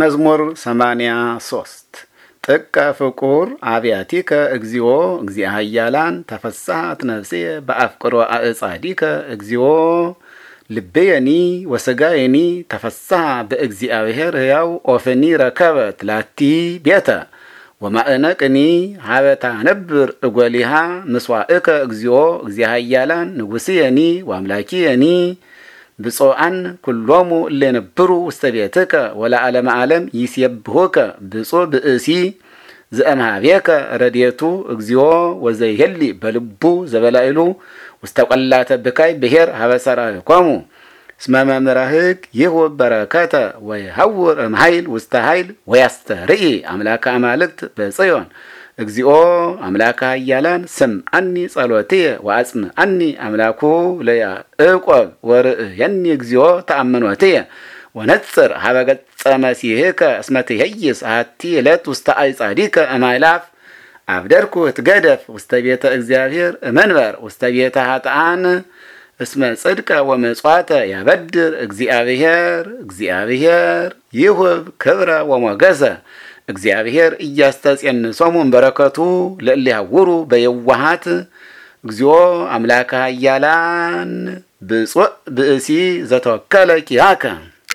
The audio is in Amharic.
መዝሙር 83 ጥቀ ፍቁር አብያቲከ እግዚኦ እግዚአ ኃያላን ተፈሳሐት ነፍሴ በአፍቅሮ አእጻዲከ እግዚኦ ልቤየኒ ወስጋየኒ ተፈሳ በእግዚአብሔር ሕያው ኦፍኒ ረከበት ላቲ ቤተ ወማእነቅኒ ሀበታ ነብር እጐሊሃ ምስዋእከ እግዚኦ እግዚአ ኃያላን ንጉሥየኒ ወአምላኪየኒ ብፁዓን ኩሎሙ እለ የነብሩ ውስተ ቤትከ ወለዓለመ ዓለም ይሴብሁከ ብፁዕ ብእሲ ዘእምሃቤከ ረድኤቱ እግዚኦ ወዘይሄሊ በልቡ ዘበላይሉ ውስተ ቈላተ ብካይ ብሔር ሀበ ሠራዊኮሙ እስመ መምህረ ሕግ ይሁብ በረከተ ወይሐውር እምኃይል ውስተ ኃይል ወያስተርኢ አምላከ አማልክት በጽዮን እግዚኦ አምላከ ኃያላን ስም አኒ ጸሎትየ ወአጽም አኒ አምላኩ ለያዕቆብ የኒ እግዚኦ ተአምኖትየ ወነጽር ሀበ ገጸ መሲሕከ እስመ ትሄይስ አሐቲ ዕለት ውስተ አዕጻዲከ እማእላፍ አብደርኩ እትገደፍ ውስተ ቤተ እግዚአብሔር እመንበር ውስተ ቤተ ኃጥኣን እስመ ጽድቀ ወመጽዋተ ያበድር እግዚአብሔር እግዚአብሔር ይሁብ ክብረ ወሞገሰ እግዚአብሔር ኢያስተጼንሶሙ በረከቱ ለእሊያውሩ በየዋሃት እግዚኦ አምላከ ኃያላን ብፁዕ ብእሲ ዘተወከለ ኪያከ